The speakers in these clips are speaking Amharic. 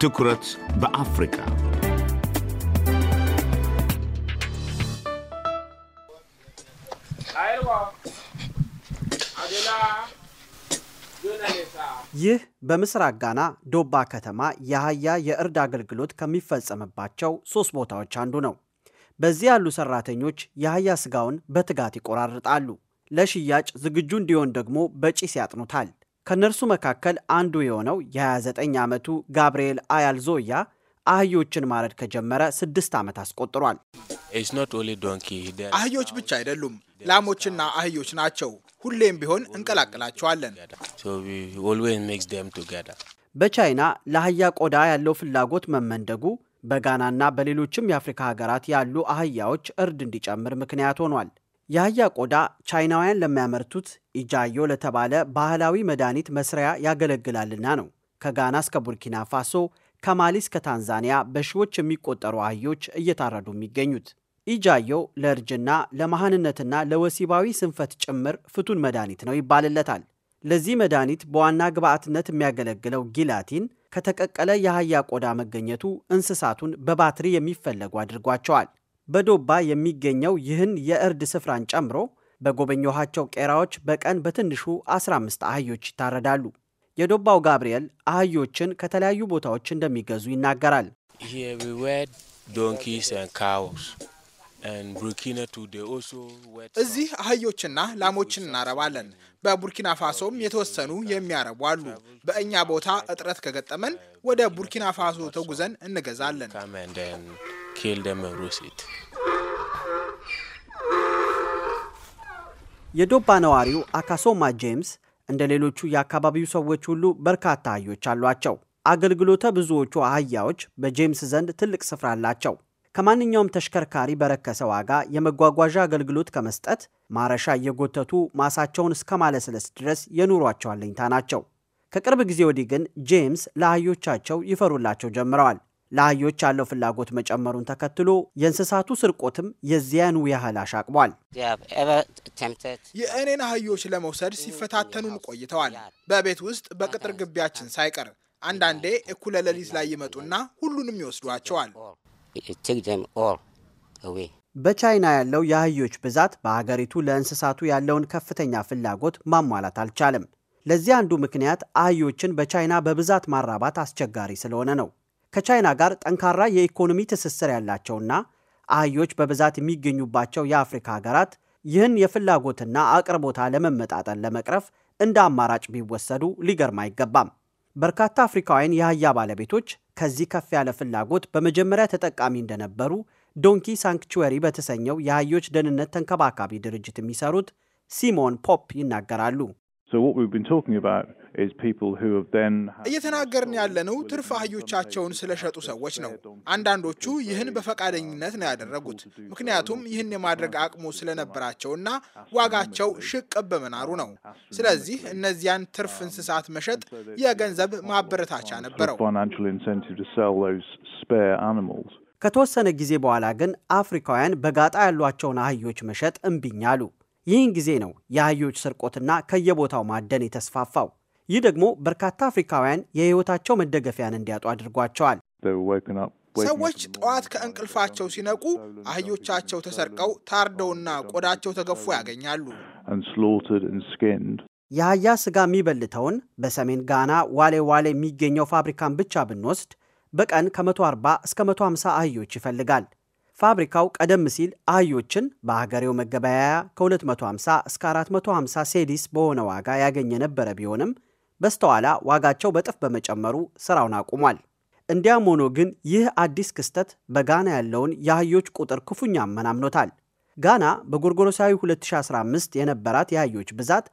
ትኩረት በአፍሪካ ይህ በምስራቅ ጋና ዶባ ከተማ የአህያ የእርድ አገልግሎት ከሚፈጸምባቸው ሶስት ቦታዎች አንዱ ነው። በዚህ ያሉ ሰራተኞች የአህያ ስጋውን በትጋት ይቆራርጣሉ። ለሽያጭ ዝግጁ እንዲሆን ደግሞ በጭስ ያጥኑታል። ከነርሱ መካከል አንዱ የሆነው የ29 ዓመቱ ጋብርኤል አያልዞያ አህዮችን ማረድ ከጀመረ ስድስት ዓመት አስቆጥሯል። አህዮች ብቻ አይደሉም፣ ላሞችና አህዮች ናቸው። ሁሌም ቢሆን እንቀላቅላቸዋለን። በቻይና ለአህያ ቆዳ ያለው ፍላጎት መመንደጉ በጋናና በሌሎችም የአፍሪካ ሀገራት ያሉ አህያዎች እርድ እንዲጨምር ምክንያት ሆኗል። የአህያ ቆዳ ቻይናውያን ለሚያመርቱት ኢጃዮ ለተባለ ባህላዊ መድኃኒት መስሪያ ያገለግላልና ነው። ከጋና እስከ ቡርኪና ፋሶ፣ ከማሊ እስከ ታንዛኒያ በሺዎች የሚቆጠሩ አህዮች እየታረዱ የሚገኙት። ኢጃዮ ለእርጅና ለመሃንነትና ለወሲባዊ ስንፈት ጭምር ፍቱን መድኃኒት ነው ይባልለታል። ለዚህ መድኃኒት በዋና ግብዓትነት የሚያገለግለው ጊላቲን ከተቀቀለ የአህያ ቆዳ መገኘቱ እንስሳቱን በባትሪ የሚፈለጉ አድርጓቸዋል። በዶባ የሚገኘው ይህን የእርድ ስፍራን ጨምሮ በጎበኘኋቸው ቄራዎች በቀን በትንሹ 15 አህዮች ይታረዳሉ። የዶባው ጋብርኤል አህዮችን ከተለያዩ ቦታዎች እንደሚገዙ ይናገራል። እዚህ አህዮችና ላሞችን እናረባለን። በቡርኪና ፋሶም የተወሰኑ የሚያረቡ አሉ። በእኛ ቦታ እጥረት ከገጠመን ወደ ቡርኪና ፋሶ ተጉዘን እንገዛለን። kill them and roast it. የዶባ ነዋሪው አካሶማ ጄምስ እንደ ሌሎቹ የአካባቢው ሰዎች ሁሉ በርካታ አህዮች አሏቸው። አገልግሎተ ብዙዎቹ አህያዎች በጄምስ ዘንድ ትልቅ ስፍራ አላቸው። ከማንኛውም ተሽከርካሪ በረከሰ ዋጋ የመጓጓዣ አገልግሎት ከመስጠት ማረሻ እየጎተቱ ማሳቸውን እስከ ማለስለስ ድረስ የኑሯቸው አለኝታ ናቸው። ከቅርብ ጊዜ ወዲህ ግን ጄምስ ለአህዮቻቸው ይፈሩላቸው ጀምረዋል። ለአህዮች ያለው ፍላጎት መጨመሩን ተከትሎ የእንስሳቱ ስርቆትም የዚያኑ ያህል አሻቅቧል። የእኔን አህዮች ለመውሰድ ሲፈታተኑን ቆይተዋል። በቤት ውስጥ በቅጥር ግቢያችን ሳይቀር አንዳንዴ እኩለ ሌሊት ላይ ይመጡና ሁሉንም ይወስዷቸዋል። በቻይና ያለው የአህዮች ብዛት በሀገሪቱ ለእንስሳቱ ያለውን ከፍተኛ ፍላጎት ማሟላት አልቻለም። ለዚህ አንዱ ምክንያት አህዮችን በቻይና በብዛት ማራባት አስቸጋሪ ስለሆነ ነው። ከቻይና ጋር ጠንካራ የኢኮኖሚ ትስስር ያላቸውና አህዮች በብዛት የሚገኙባቸው የአፍሪካ ሀገራት ይህን የፍላጎትና አቅርቦት ለመመጣጠን ለመቅረፍ እንደ አማራጭ ቢወሰዱ ሊገርም አይገባም። በርካታ አፍሪካውያን የአህያ ባለቤቶች ከዚህ ከፍ ያለ ፍላጎት በመጀመሪያ ተጠቃሚ እንደነበሩ ዶንኪ ሳንክቹዌሪ በተሰኘው የአህዮች ደህንነት ተንከባካቢ ድርጅት የሚሰሩት ሲሞን ፖፕ ይናገራሉ። እየተናገርን ያለነው ትርፍ አህዮቻቸውን ስለሸጡ ሰዎች ነው። አንዳንዶቹ ይህን በፈቃደኝነት uh, ነው ያደረጉት፣ ምክንያቱም ይህን የማድረግ አቅሙ ስለነበራቸውና ዋጋቸው ሽቅ በመናሩ uh, ነው። ስለዚህ እነዚያን um, ትርፍ እንስሳት መሸጥ የገንዘብ ማበረታቻ ነበረው። ከተወሰነ ጊዜ በኋላ ግን አፍሪካውያን በጋጣ ያሏቸውን አህዮች መሸጥ እምቢኝ አሉ። ይህን ጊዜ ነው የአህዮች ስርቆትና ከየቦታው ማደን የተስፋፋው። ይህ ደግሞ በርካታ አፍሪካውያን የህይወታቸው መደገፊያን እንዲያጡ አድርጓቸዋል። ሰዎች ጠዋት ከእንቅልፋቸው ሲነቁ አህዮቻቸው ተሰርቀው ታርደውና ቆዳቸው ተገፎ ያገኛሉ። የአህያ ስጋ የሚበልተውን በሰሜን ጋና ዋሌ ዋሌ የሚገኘው ፋብሪካን ብቻ ብንወስድ በቀን ከ140 እስከ 150 አህዮች ይፈልጋል። ፋብሪካው ቀደም ሲል አህዮችን በአገሬው መገበያያ ከ250 እስከ 450 ሴዲስ በሆነ ዋጋ ያገኘ ነበረ ቢሆንም በስተኋላ ዋጋቸው በጥፍ በመጨመሩ ስራውን አቁሟል። እንዲያም ሆኖ ግን ይህ አዲስ ክስተት በጋና ያለውን የአህዮች ቁጥር ክፉኛ አመናምኖታል። ጋና በጎርጎሮሳዊ 2015 የነበራት የአህዮች ብዛት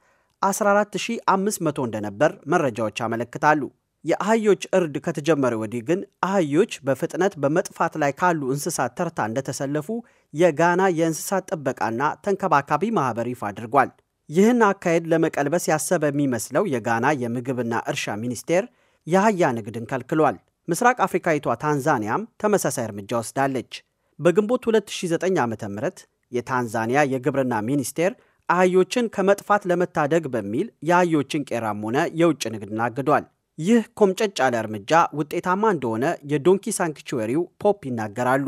14500 እንደነበር መረጃዎች ያመለክታሉ። የአህዮች እርድ ከተጀመረ ወዲህ ግን አህዮች በፍጥነት በመጥፋት ላይ ካሉ እንስሳት ተርታ እንደተሰለፉ የጋና የእንስሳት ጥበቃና ተንከባካቢ ማኅበር ይፋ አድርጓል። ይህን አካሄድ ለመቀልበስ ያሰበ የሚመስለው የጋና የምግብና እርሻ ሚኒስቴር የአህያ ንግድን ከልክሏል። ምስራቅ አፍሪካዊቷ ታንዛኒያም ተመሳሳይ እርምጃ ወስዳለች። በግንቦት 2009 ዓ ም የታንዛኒያ የግብርና ሚኒስቴር አህዮችን ከመጥፋት ለመታደግ በሚል የአህዮችን ቄራም ሆነ የውጭ ንግድን አግዷል። ይህ ኮምጨጭ ያለ እርምጃ ውጤታማ እንደሆነ የዶንኪ ሳንክቹዌሪው ፖፕ ይናገራሉ።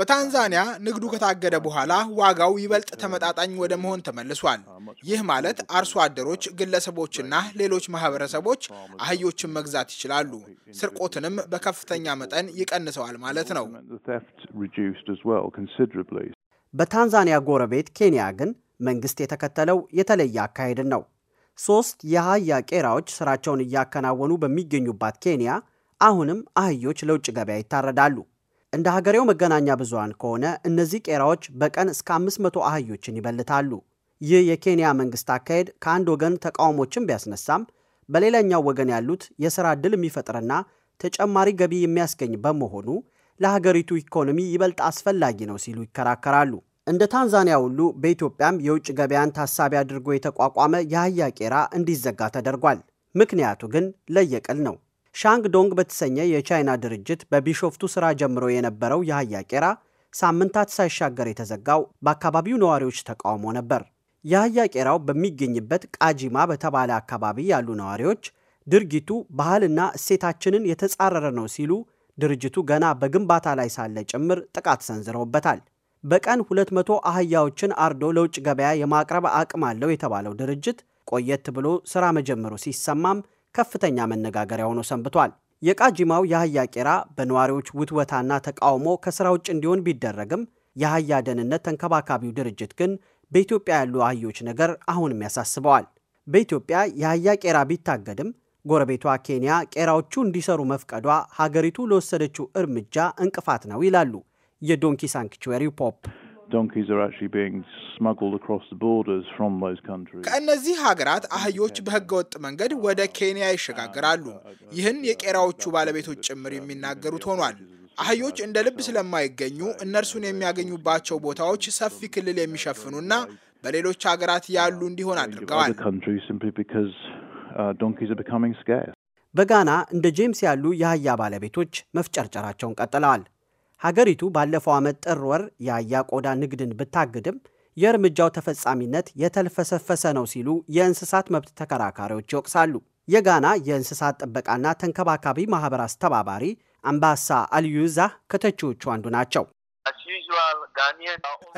በታንዛኒያ ንግዱ ከታገደ በኋላ ዋጋው ይበልጥ ተመጣጣኝ ወደ መሆን ተመልሷል። ይህ ማለት አርሶ አደሮች፣ ግለሰቦችና ሌሎች ማህበረሰቦች አህዮችን መግዛት ይችላሉ። ስርቆትንም በከፍተኛ መጠን ይቀንሰዋል ማለት ነው። በታንዛኒያ ጎረቤት ኬንያ ግን መንግስት የተከተለው የተለየ አካሄድን ነው። ሶስት የአህያ ቄራዎች ስራቸውን እያከናወኑ በሚገኙባት ኬንያ አሁንም አህዮች ለውጭ ገበያ ይታረዳሉ። እንደ ሀገሬው መገናኛ ብዙሃን ከሆነ እነዚህ ቄራዎች በቀን እስከ 500 አህዮችን ይበልታሉ። ይህ የኬንያ መንግሥት አካሄድ ከአንድ ወገን ተቃውሞችን ቢያስነሳም በሌላኛው ወገን ያሉት የሥራ ዕድል የሚፈጥርና ተጨማሪ ገቢ የሚያስገኝ በመሆኑ ለሀገሪቱ ኢኮኖሚ ይበልጥ አስፈላጊ ነው ሲሉ ይከራከራሉ። እንደ ታንዛኒያ ሁሉ በኢትዮጵያም የውጭ ገበያን ታሳቢ አድርጎ የተቋቋመ የአህያ ቄራ እንዲዘጋ ተደርጓል። ምክንያቱ ግን ለየቅል ነው። ሻንግ ዶንግ በተሰኘ የቻይና ድርጅት በቢሾፍቱ ስራ ጀምሮ የነበረው የአህያ ቄራ ሳምንታት ሳይሻገር የተዘጋው በአካባቢው ነዋሪዎች ተቃውሞ ነበር። የአህያ ቄራው በሚገኝበት ቃጂማ በተባለ አካባቢ ያሉ ነዋሪዎች ድርጊቱ ባህልና እሴታችንን የተጻረረ ነው ሲሉ ድርጅቱ ገና በግንባታ ላይ ሳለ ጭምር ጥቃት ሰንዝረውበታል። በቀን 200 አህያዎችን አርዶ ለውጭ ገበያ የማቅረብ አቅም አለው የተባለው ድርጅት ቆየት ብሎ ስራ መጀመሩ ሲሰማም ከፍተኛ መነጋገሪያ ሆኖ ሰንብቷል። የቃጂማው የአህያ ቄራ በነዋሪዎች ውትወታና ተቃውሞ ከሥራ ውጭ እንዲሆን ቢደረግም የአህያ ደህንነት ተንከባካቢው ድርጅት ግን በኢትዮጵያ ያሉ አህዮች ነገር አሁንም ያሳስበዋል። በኢትዮጵያ የአህያ ቄራ ቢታገድም ጎረቤቷ ኬንያ ቄራዎቹ እንዲሰሩ መፍቀዷ ሀገሪቱ ለወሰደችው እርምጃ እንቅፋት ነው ይላሉ የዶንኪ ሳንክቹዌሪው ፖፕ ከእነዚህ ሀገራት አህዮች በህገወጥ መንገድ ወደ ኬንያ ይሸጋገራሉ። ይህን የቄራዎቹ ባለቤቶች ጭምር የሚናገሩት ሆኗል። አህዮች እንደ ልብ ስለማይገኙ እነርሱን የሚያገኙባቸው ቦታዎች ሰፊ ክልል የሚሸፍኑና በሌሎች ሀገራት ያሉ እንዲሆን አድርገዋል። uh, በጋና እንደ ጄምስ ያሉ የአህያ ባለቤቶች መፍጨርጨራቸውን ቀጥለዋል። ሀገሪቱ ባለፈው ዓመት ጥር ወር የአህያ ቆዳ ንግድን ብታግድም የእርምጃው ተፈጻሚነት የተልፈሰፈሰ ነው ሲሉ የእንስሳት መብት ተከራካሪዎች ይወቅሳሉ። የጋና የእንስሳት ጥበቃና ተንከባካቢ ማህበር አስተባባሪ አምባሳ አልዩዛ ከተቺዎቹ አንዱ ናቸው።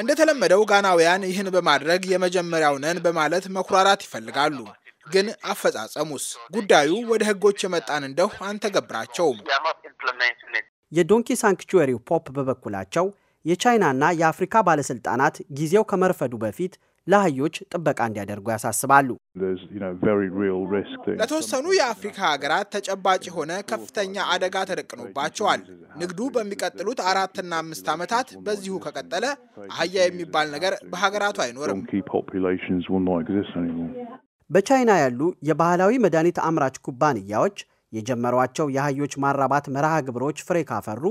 እንደተለመደው ጋናውያን ይህን በማድረግ የመጀመሪያው ነን በማለት መኩራራት ይፈልጋሉ። ግን አፈጻጸሙስ? ጉዳዩ ወደ ሕጎች የመጣን እንደሁ አንተገብራቸውም። የዶንኪ ሳንክቹዌሪው ፖፕ በበኩላቸው የቻይናና የአፍሪካ ባለሥልጣናት ጊዜው ከመርፈዱ በፊት ለአህዮች ጥበቃ እንዲያደርጉ ያሳስባሉ። ለተወሰኑ የአፍሪካ ሀገራት ተጨባጭ የሆነ ከፍተኛ አደጋ ተደቅኖባቸዋል። ንግዱ በሚቀጥሉት አራትና አምስት ዓመታት በዚሁ ከቀጠለ አህያ የሚባል ነገር በሀገራቱ አይኖርም። በቻይና ያሉ የባህላዊ መድኃኒት አምራች ኩባንያዎች የጀመሯቸው የአህዮች ማራባት መርሃ ግብሮች ፍሬ ካፈሩ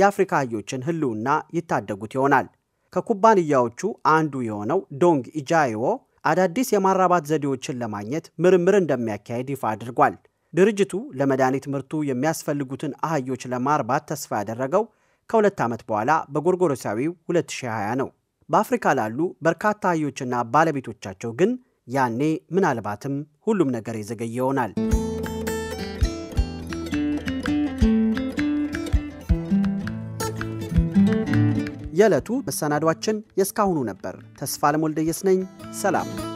የአፍሪካ አህዮችን ህልውና ይታደጉት ይሆናል። ከኩባንያዎቹ አንዱ የሆነው ዶንግ ኢጃይዎ አዳዲስ የማራባት ዘዴዎችን ለማግኘት ምርምር እንደሚያካሄድ ይፋ አድርጓል። ድርጅቱ ለመድኃኒት ምርቱ የሚያስፈልጉትን አህዮች ለማርባት ተስፋ ያደረገው ከሁለት ዓመት በኋላ በጎርጎሮሳዊው 2020 ነው። በአፍሪካ ላሉ በርካታ አህዮችና ባለቤቶቻቸው ግን ያኔ ምናልባትም ሁሉም ነገር የዘገየ ይሆናል። የዕለቱ መሰናዷችን የእስካሁኑ ነበር። ተስፋ ለሞልደየስ ነኝ። ሰላም